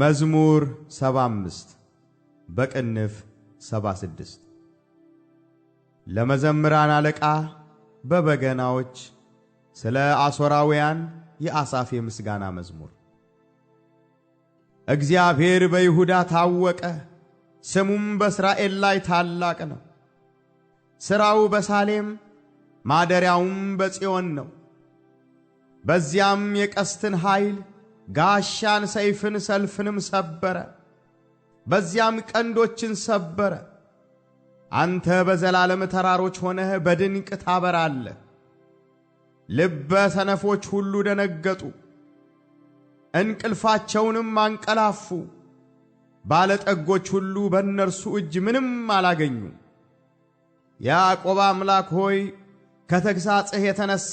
መዝሙር 75 በቅንፍ 76 ለመዘምራን አለቃ በበገናዎች ስለ አሦራውያን የአሳፍ የምስጋና መዝሙር። እግዚአብሔር በይሁዳ ታወቀ፣ ስሙም በእስራኤል ላይ ታላቅ ነው። ሥራው በሳሌም ማደሪያውም በጽዮን ነው። በዚያም የቀስትን ኃይል ጋሻን፣ ሰይፍን፣ ሰልፍንም ሰበረ። በዚያም ቀንዶችን ሰበረ። አንተ በዘላለም ተራሮች ሆነህ በድንቅ ታበራለህ። ልበ ሰነፎች ሁሉ ደነገጡ፣ እንቅልፋቸውንም አንቀላፉ። ባለጠጎች ሁሉ በእነርሱ እጅ ምንም አላገኙ። ያዕቆብ አምላክ ሆይ ከተግሣጽህ የተነሣ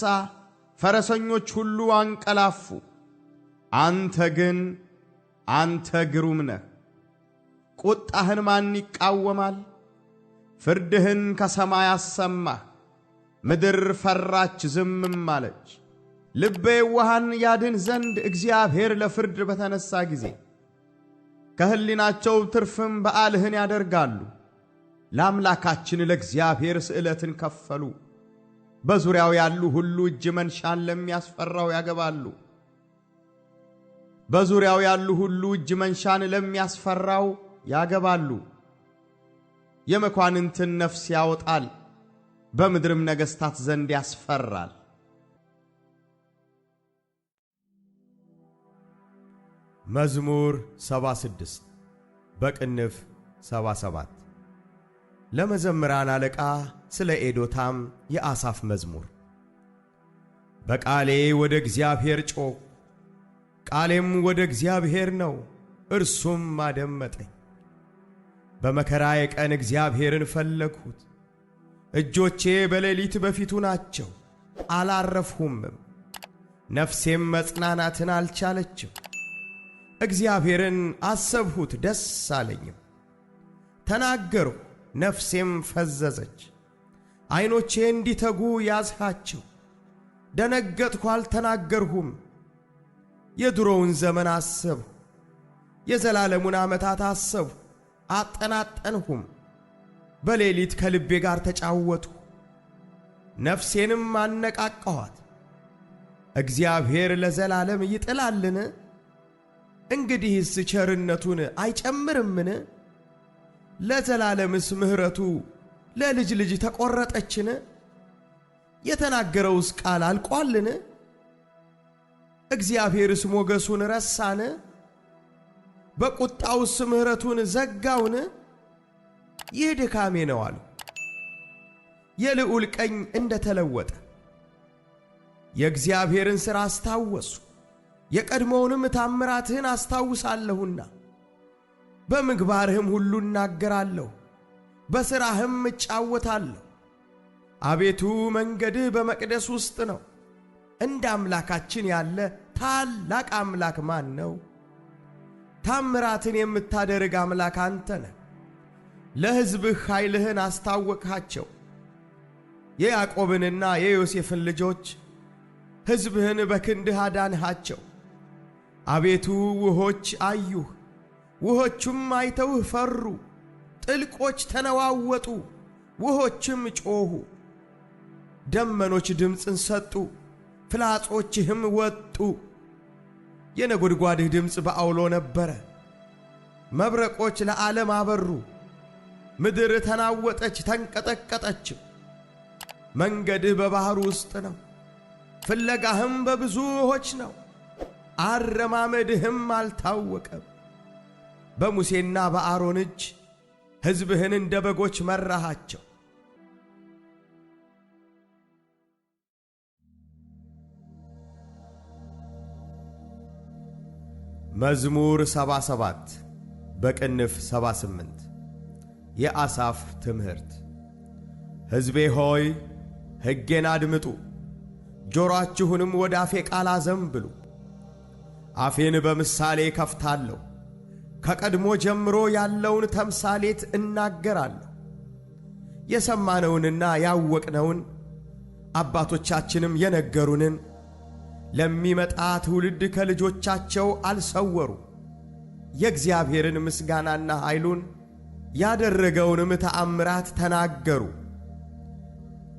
ፈረሰኞች ሁሉ አንቀላፉ። አንተ ግን አንተ ግሩም ነህ። ቁጣህን ማን ይቃወማል? ፍርድህን ከሰማይ አሰማህ። ምድር ፈራች ዝምም አለች። ልቤ የዋሃን ያድን ዘንድ እግዚአብሔር ለፍርድ በተነሳ ጊዜ ከሕሊናቸው ትርፍም በዓልህን ያደርጋሉ። ለአምላካችን ለእግዚአብሔር ስዕለትን ከፈሉ። በዙሪያው ያሉ ሁሉ እጅ መንሻን ለሚያስፈራው ያገባሉ። በዙሪያው ያሉ ሁሉ እጅ መንሻን ለሚያስፈራው ያገባሉ። የመኳንንትን ነፍስ ያወጣል፣ በምድርም ነገሥታት ዘንድ ያስፈራል። መዝሙር 76 በቅንፍ 77 ለመዘምራን አለቃ ስለ ኤዶታም የአሳፍ መዝሙር። በቃሌ ወደ እግዚአብሔር ጮኽ ቃሌም ወደ እግዚአብሔር ነው፣ እርሱም አደመጠኝ። በመከራዬ ቀን እግዚአብሔርን ፈለግሁት። እጆቼ በሌሊት በፊቱ ናቸው፣ አላረፍሁምም። ነፍሴም መጽናናትን አልቻለችም። እግዚአብሔርን አሰብሁት፣ ደስ አለኝም። ተናገርሁ፣ ነፍሴም ፈዘዘች። ዐይኖቼ እንዲተጉ ያዝሃቸው፣ ደነገጥሁ፣ አልተናገርሁም። የድሮውን ዘመን አሰብሁ፣ የዘላለሙን ዓመታት አሰብሁ፣ አጠናጠንሁም። በሌሊት ከልቤ ጋር ተጫወትሁ፣ ነፍሴንም አነቃቀኋት። እግዚአብሔር ለዘላለም ይጥላልን? እንግዲህስ ቸርነቱን አይጨምርምን? ለዘላለምስ ምሕረቱ ለልጅ ልጅ ተቈረጠችን? የተናገረውስ ቃል አልቋልን? እግዚአብሔርስ ሞገሱን ረሳን? በቁጣውስ ምሕረቱን ዘጋውን? ይህ ድካሜ ነው አሉ። የልዑል ቀኝ እንደ ተለወጠ የእግዚአብሔርን ሥራ አስታወሱ። የቀድሞውንም ታምራትህን አስታውሳለሁና በምግባርህም ሁሉ እናገራለሁ፣ በሥራህም እጫወታለሁ። አቤቱ መንገድህ በመቅደስ ውስጥ ነው። እንደ አምላካችን ያለ ታላቅ አምላክ ማን ነው? ታምራትን የምታደርግ አምላክ አንተ ነህ። ለሕዝብህ ኃይልህን አስታወቅሃቸው። የያዕቆብንና የዮሴፍን ልጆች ሕዝብህን በክንድህ አዳንሃቸው። አቤቱ ውሆች አዩህ፣ ውሆቹም አይተውህ ፈሩ። ጥልቆች ተነዋወጡ፣ ውኆችም ጮኹ። ደመኖች ድምፅን ሰጡ፣ ፍላጾችህም ወጡ። የነጎድጓድህ ድምፅ በአውሎ ነበረ። መብረቆች ለዓለም አበሩ። ምድር ተናወጠች ተንቀጠቀጠችም። መንገድህ በባሕር ውስጥ ነው፣ ፍለጋህም በብዙ ውኆች ነው። አረማመድህም አልታወቀም። በሙሴና በአሮን እጅ ሕዝብህን እንደ በጎች መራሃቸው። መዝሙር 77 በቅንፍ 78 የአሳፍ ትምህርት። ሕዝቤ ሆይ ሕጌን አድምጡ፣ ጆሮአችሁንም ወደ አፌ ቃል አዘንብሉ። አፌን በምሳሌ ከፍታለሁ፣ ከቀድሞ ጀምሮ ያለውን ተምሳሌት እናገራለሁ። የሰማነውንና ያወቅነውን አባቶቻችንም የነገሩንን ለሚመጣ ትውልድ ከልጆቻቸው አልሰወሩ። የእግዚአብሔርን ምስጋናና ኃይሉን ያደረገውንም ተአምራት ተናገሩ።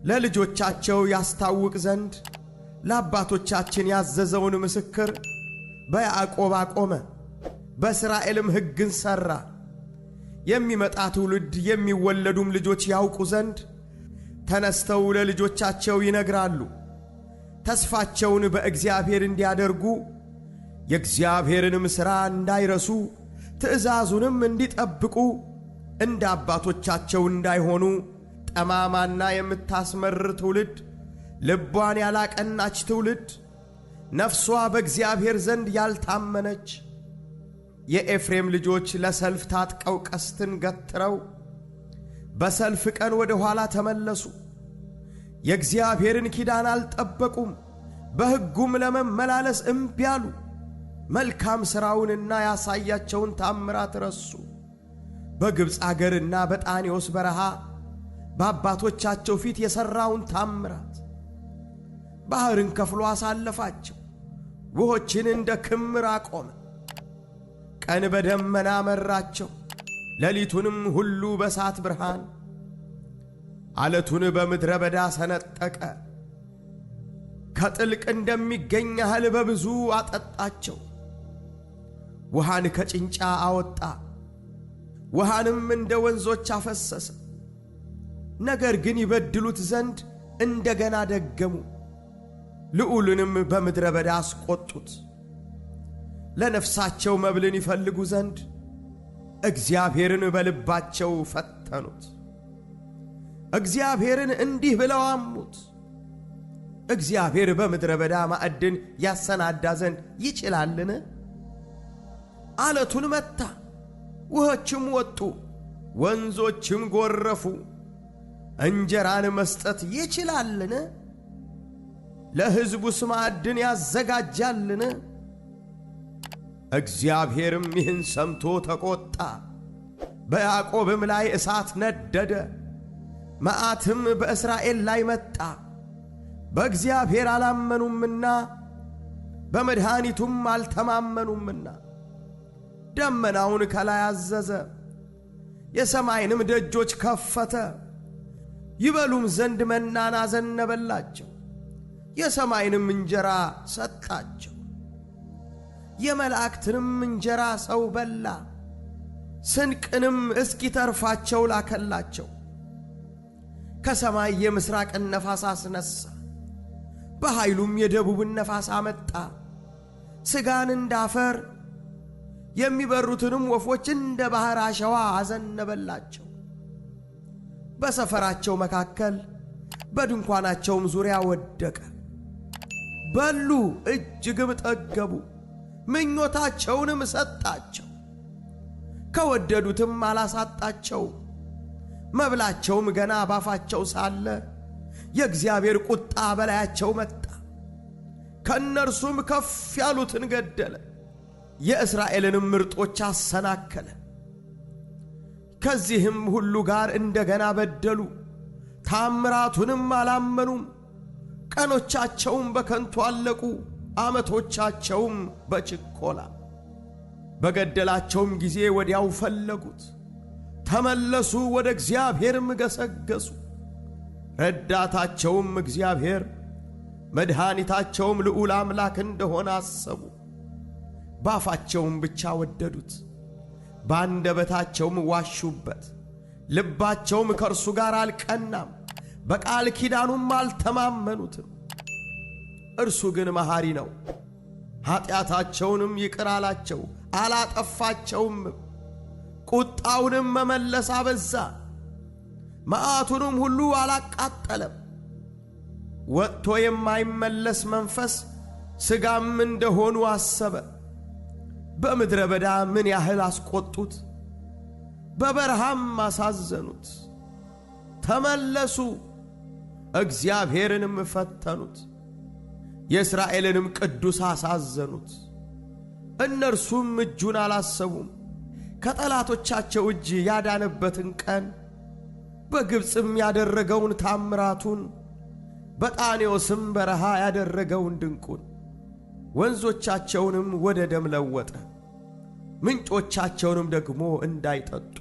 ለልጆቻቸው ያስታውቅ ዘንድ ለአባቶቻችን ያዘዘውን ምስክር በያዕቆብ አቆመ፣ በእስራኤልም ሕግን ሠራ። የሚመጣ ትውልድ የሚወለዱም ልጆች ያውቁ ዘንድ ተነስተው ለልጆቻቸው ይነግራሉ። ተስፋቸውን በእግዚአብሔር እንዲያደርጉ የእግዚአብሔርንም ሥራ እንዳይረሱ ትእዛዙንም እንዲጠብቁ እንደ አባቶቻቸው እንዳይሆኑ ጠማማና የምታስመርር ትውልድ፣ ልቧን ያላቀናች ትውልድ፣ ነፍሷ በእግዚአብሔር ዘንድ ያልታመነች። የኤፍሬም ልጆች ለሰልፍ ታጥቀው ቀስትን ገትረው በሰልፍ ቀን ወደ ኋላ ተመለሱ። የእግዚአብሔርን ኪዳን አልጠበቁም፣ በሕጉም ለመመላለስ እምቢ አሉ። መልካም ሥራውንና ያሳያቸውን ታምራት ረሱ። በግብፅ አገርና በጣኔዎስ በረሃ በአባቶቻቸው ፊት የሠራውን ታምራት ባሕርን ከፍሎ አሳለፋቸው። ውሆችን እንደ ክምር አቆመ። ቀን በደመና መራቸው፣ ሌሊቱንም ሁሉ በእሳት ብርሃን አለቱን በምድረ በዳ ሰነጠቀ። ከጥልቅ እንደሚገኝ ያህል በብዙ አጠጣቸው። ውሃን ከጭንጫ አወጣ፣ ውሃንም እንደ ወንዞች አፈሰሰ። ነገር ግን ይበድሉት ዘንድ እንደገና ደገሙ፣ ልዑልንም በምድረ በዳ አስቈጡት። ለነፍሳቸው መብልን ይፈልጉ ዘንድ እግዚአብሔርን በልባቸው ፈተኑት። እግዚአብሔርን እንዲህ ብለው አሙት። እግዚአብሔር በምድረ በዳ ማዕድን ያሰናዳ ዘንድ ይችላልን? አለቱን መታ፣ ውሆችም ወጡ፣ ወንዞችም ጎረፉ። እንጀራን መስጠት ይችላልን? ለሕዝቡስ ማዕድን ያዘጋጃልን? እግዚአብሔርም ይህን ሰምቶ ተቆጣ፣ በያዕቆብም ላይ እሳት ነደደ። መዓትም በእስራኤል ላይ መጣ። በእግዚአብሔር አላመኑምና በመድኃኒቱም አልተማመኑምና ደመናውን ከላይ አዘዘ፣ የሰማይንም ደጆች ከፈተ። ይበሉም ዘንድ መናን አዘነበላቸው፣ የሰማይንም እንጀራ ሰጣቸው። የመላእክትንም እንጀራ ሰው በላ፣ ስንቅንም እስኪተርፋቸው ላከላቸው። ከሰማይ የምስራቅን ነፋስ አስነሳ በኃይሉም የደቡብን ነፋስ አመጣ። ሥጋን እንዳፈር የሚበሩትንም ወፎች እንደ ባሕር አሸዋ አዘነበላቸው። በሰፈራቸው መካከል በድንኳናቸውም ዙሪያ ወደቀ። በሉ እጅግም ጠገቡ፣ ምኞታቸውንም ሰጣቸው፣ ከወደዱትም አላሳጣቸውም። መብላቸውም ገና ባፋቸው ሳለ የእግዚአብሔር ቁጣ በላያቸው መጣ፣ ከእነርሱም ከፍ ያሉትን ገደለ፣ የእስራኤልንም ምርጦች አሰናከለ። ከዚህም ሁሉ ጋር እንደገና በደሉ፣ ታምራቱንም አላመኑም። ቀኖቻቸውም በከንቱ አለቁ፣ ዓመቶቻቸውም በችኮላ በገደላቸውም ጊዜ ወዲያው ፈለጉት። ተመለሱ፣ ወደ እግዚአብሔርም ገሰገሱ። ረዳታቸውም እግዚአብሔር መድኃኒታቸውም ልዑል አምላክ እንደሆነ አሰቡ። ባፋቸውም ብቻ ወደዱት፣ ባንደበታቸውም ዋሹበት። ልባቸውም ከእርሱ ጋር አልቀናም፣ በቃል ኪዳኑም አልተማመኑትም። እርሱ ግን መሐሪ ነው፣ ኀጢአታቸውንም ይቅር አላቸው፣ አላጠፋቸውም። ቁጣውንም መመለስ አበዛ፣ መዓቱንም ሁሉ አላቃጠለም። ወጥቶ የማይመለስ መንፈስ ሥጋም እንደሆኑ አሰበ። በምድረ በዳ ምን ያህል አስቆጡት በበረሃም አሳዘኑት። ተመለሱ፣ እግዚአብሔርንም ፈተኑት፣ የእስራኤልንም ቅዱስ አሳዘኑት። እነርሱም እጁን አላሰቡም ከጠላቶቻቸው እጅ ያዳነበትን ቀን በግብፅም ያደረገውን ታምራቱን በጣኔዎስም በረሃ ያደረገውን ድንቁን ወንዞቻቸውንም ወደ ደም ለወጠ፣ ምንጮቻቸውንም ደግሞ እንዳይጠጡ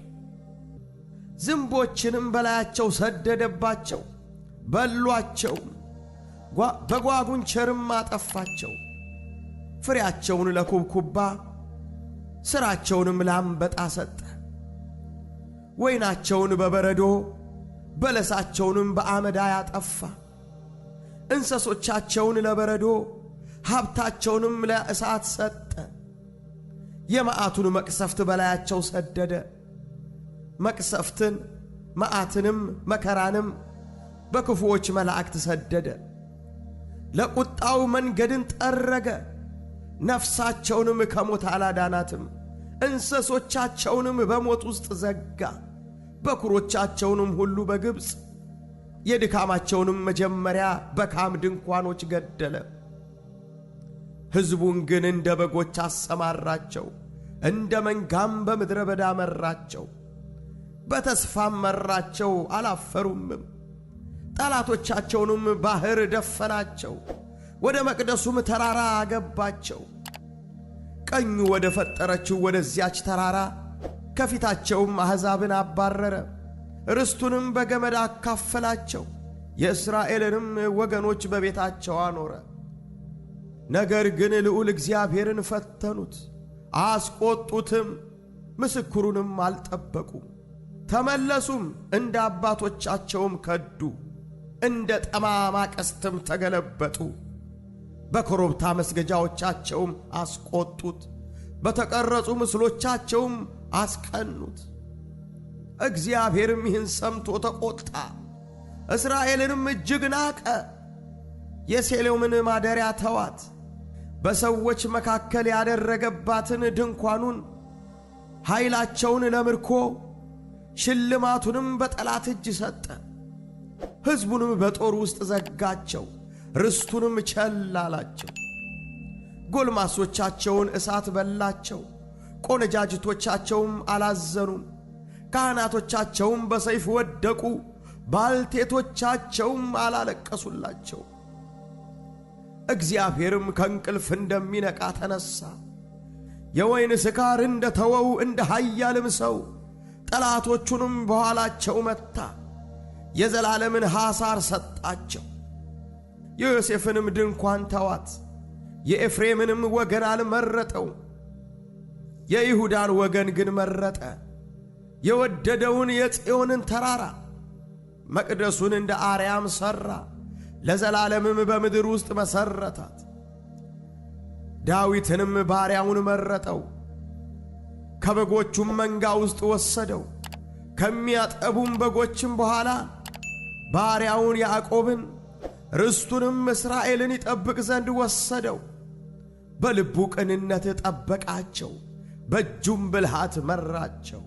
ዝንቦችንም በላያቸው ሰደደባቸው፣ በሏቸው፣ በጓጉንቸርም አጠፋቸው። ፍሬያቸውን ለኩብኩባ ሥራቸውንም ለአንበጣ ሰጠ። ወይናቸውን በበረዶ በለሳቸውንም በአመዳ ያጠፋ እንሰሶቻቸውን ለበረዶ ሀብታቸውንም ለእሳት ሰጠ። የመዓቱን መቅሰፍት በላያቸው ሰደደ። መቅሰፍትን መዓትንም መከራንም በክፉዎች መላእክት ሰደደ። ለቁጣው መንገድን ጠረገ፣ ነፍሳቸውንም ከሞት አላዳናትም። እንስሶቻቸውንም በሞት ውስጥ ዘጋ። በኩሮቻቸውንም ሁሉ በግብፅ የድካማቸውንም መጀመሪያ በካም ድንኳኖች ገደለ። ሕዝቡን ግን እንደ በጎች አሰማራቸው፣ እንደ መንጋም በምድረ በዳ መራቸው። በተስፋም መራቸው፣ አላፈሩምም። ጠላቶቻቸውንም ባሕር ደፈናቸው፣ ወደ መቅደሱም ተራራ አገባቸው። ቀኙ ወደ ፈጠረችው ወደዚያች ተራራ ከፊታቸውም አሕዛብን አባረረ፣ ርስቱንም በገመድ አካፈላቸው፣ የእስራኤልንም ወገኖች በቤታቸው አኖረ። ነገር ግን ልዑል እግዚአብሔርን ፈተኑት፣ አስቈጡትም፣ ምስክሩንም አልጠበቁም። ተመለሱም፣ እንደ አባቶቻቸውም ከዱ፣ እንደ ጠማማ ቀስትም ተገለበጡ። በኮረብታ መስገጃዎቻቸውም አስቆጡት፣ በተቀረጹ ምስሎቻቸውም አስቀኑት። እግዚአብሔርም ይህን ሰምቶ ተቆጣ፣ እስራኤልንም እጅግ ናቀ። የሴሎምን ማደሪያ ተዋት፣ በሰዎች መካከል ያደረገባትን ድንኳኑን፣ ኃይላቸውን ለምርኮ ሽልማቱንም በጠላት እጅ ሰጠ። ሕዝቡንም በጦር ውስጥ ዘጋቸው። ርስቱንም ቸል አላቸው። ጎልማሶቻቸውን እሳት በላቸው፣ ቆነጃጅቶቻቸውም አላዘኑም። ካህናቶቻቸውም በሰይፍ ወደቁ፣ ባልቴቶቻቸውም አላለቀሱላቸው። እግዚአብሔርም ከእንቅልፍ እንደሚነቃ ተነሣ፣ የወይን ስካር እንደ ተወው እንደ ኃያልም ሰው ጠላቶቹንም በኋላቸው መታ፣ የዘላለምን ሐሳር ሰጣቸው። የዮሴፍንም ድንኳን ተዋት። የኤፍሬምንም ወገን አልመረጠው፣ የይሁዳን ወገን ግን መረጠ። የወደደውን የጽዮንን ተራራ መቅደሱን እንደ አርያም ሠራ፣ ለዘላለምም በምድር ውስጥ መሠረታት። ዳዊትንም ባሪያውን መረጠው፣ ከበጎቹም መንጋ ውስጥ ወሰደው። ከሚያጠቡም በጎችም በኋላ ባሪያውን ያዕቆብን ርስቱንም እስራኤልን ይጠብቅ ዘንድ ወሰደው። በልቡ ቅንነት ጠበቃቸው፣ በእጁም ብልሃት መራቸው።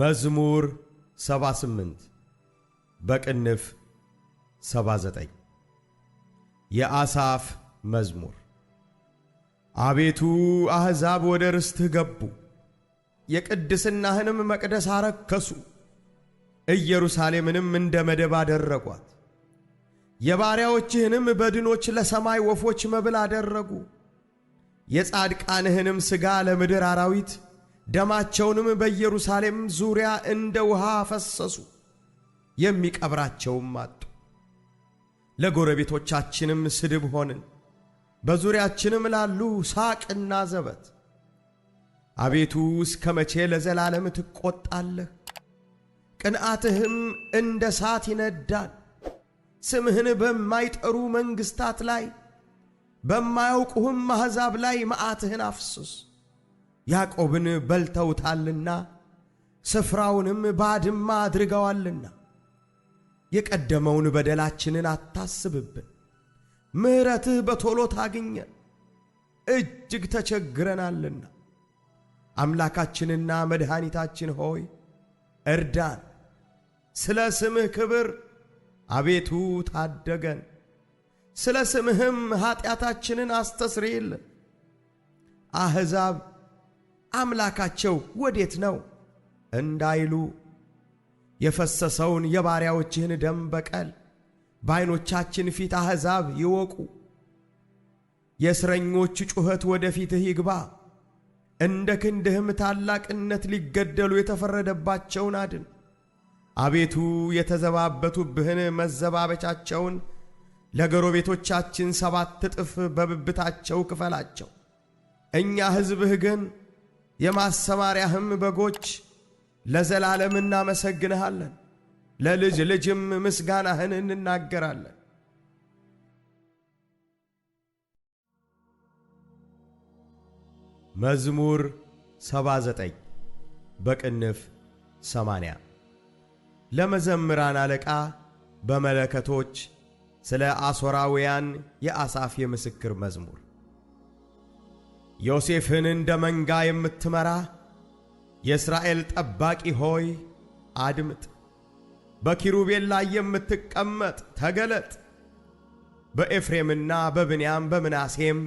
መዝሙር 78 በቅንፍ 79 የአሳፍ መዝሙር አቤቱ አሕዛብ ወደ ርስትህ ገቡ የቅድስናህንም መቅደስ አረከሱ፣ ኢየሩሳሌምንም እንደ መደብ አደረጓት። የባሪያዎችህንም በድኖች ለሰማይ ወፎች መብል አደረጉ። የጻድቃንህንም ሥጋ ለምድር አራዊት፣ ደማቸውንም በኢየሩሳሌም ዙሪያ እንደ ውሃ አፈሰሱ። የሚቀብራቸውም አጡ። ለጎረቤቶቻችንም ስድብ ሆንን፣ በዙሪያችንም ላሉ ሳቅና ዘበት። አቤቱ እስከ መቼ ለዘላለም ትቈጣለህ? ቅንዓትህም እንደ እሳት ይነዳል። ስምህን በማይጠሩ መንግሥታት ላይ በማያውቁህም አሕዛብ ላይ መዓትህን አፍስስ። ያዕቆብን በልተውታልና ስፍራውንም ባድማ አድርገዋልና። የቀደመውን በደላችንን አታስብብን፣ ምሕረትህ በቶሎ ታግኘ እጅግ ተቸግረናልና። አምላካችንና መድኃኒታችን ሆይ እርዳን። ስለ ስምህ ክብር አቤቱ ታደገን። ስለ ስምህም ኀጢአታችንን አስተስርይል። አሕዛብ አምላካቸው ወዴት ነው እንዳይሉ የፈሰሰውን የባሪያዎችህን ደም በቀል በዐይኖቻችን ፊት አሕዛብ ይወቁ። የእስረኞች ጩኸት ወደ ፊትህ ይግባ። እንደ ክንድህም ታላቅነት ሊገደሉ የተፈረደባቸውን አድን። አቤቱ የተዘባበቱብህን መዘባበቻቸውን ለጎረቤቶቻችን ሰባት እጥፍ በብብታቸው ክፈላቸው። እኛ ሕዝብህ ግን የማሰማሪያህም በጎች ለዘላለም እናመሰግንሃለን፣ ለልጅ ልጅም ምስጋናህን እንናገራለን። መዝሙር 79 በቅንፍ 80 ለመዘምራን አለቃ በመለከቶች ስለ አሦራውያን የአሳፍ የምስክር መዝሙር። ዮሴፍን እንደ መንጋ የምትመራ የእስራኤል ጠባቂ ሆይ አድምጥ። በኪሩቤል ላይ የምትቀመጥ ተገለጥ። በኤፍሬምና በብንያም በምናሴም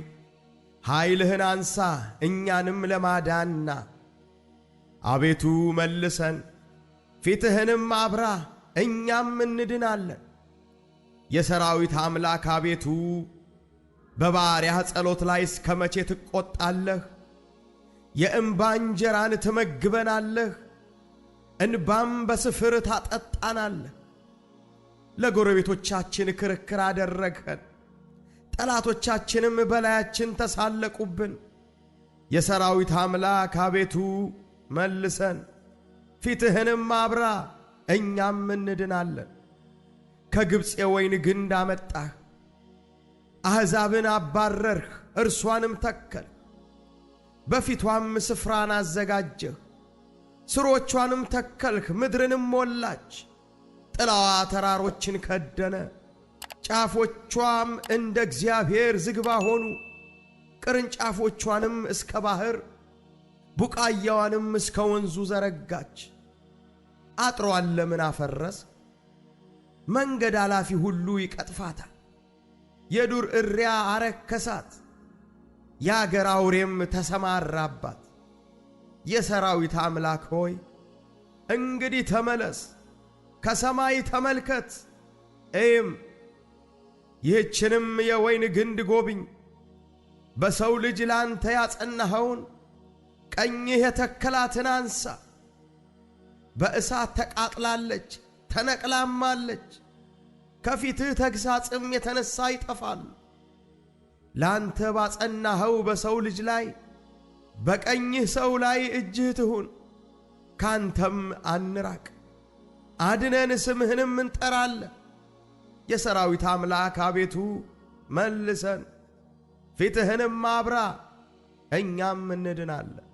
ኃይልህን አንሳ እኛንም ለማዳንና አቤቱ መልሰን ፊትህንም አብራ እኛም እንድናለን። የሰራዊት አምላክ አቤቱ በባሪያህ ጸሎት ላይ እስከ መቼ ትቈጣለህ? የእምባ እንጀራን ትመግበናለህ፣ እንባም በስፍር ታጠጣናለህ። ለጎረቤቶቻችን ክርክር አደረግኸን ጠላቶቻችንም በላያችን ተሳለቁብን። የሰራዊት አምላክ አቤቱ መልሰን፣ ፊትህንም አብራ፣ እኛም እንድናለን። ከግብፅ የወይን ግንድ አመጣህ፣ አሕዛብን አባረርህ፣ እርሷንም ተከል በፊቷም ስፍራን አዘጋጀህ፣ ስሮቿንም ተከልህ፣ ምድርንም ሞላች። ጥላዋ ተራሮችን ከደነ። ጫፎቿም እንደ እግዚአብሔር ዝግባ ሆኑ። ቅርንጫፎቿንም እስከ ባሕር ቡቃያዋንም እስከ ወንዙ ዘረጋች። አጥሯን ለምን አፈረስ? መንገድ አላፊ ሁሉ ይቀጥፋታል። የዱር እሪያ አረከሳት፣ የአገር አውሬም ተሰማራባት። የሰራዊት አምላክ ሆይ እንግዲህ ተመለስ፣ ከሰማይ ተመልከት እይም ይህችንም የወይን ግንድ ጎብኝ፣ በሰው ልጅ ላንተ ያጸናኸውን ቀኝህ የተከላትን አንሳ። በእሳት ተቃጥላለች፣ ተነቅላማለች። ከፊትህ ተግሣጽም የተነሣ ይጠፋሉ። ላንተ ባጸናኸው በሰው ልጅ ላይ በቀኝህ ሰው ላይ እጅህ ትሁን፣ ካንተም አንራቅ። አድነን ስምህንም እንጠራለን። የሰራዊት አምላክ አቤቱ መልሰን፣ ፊትህንም አብራ፣ እኛም እንድናለን።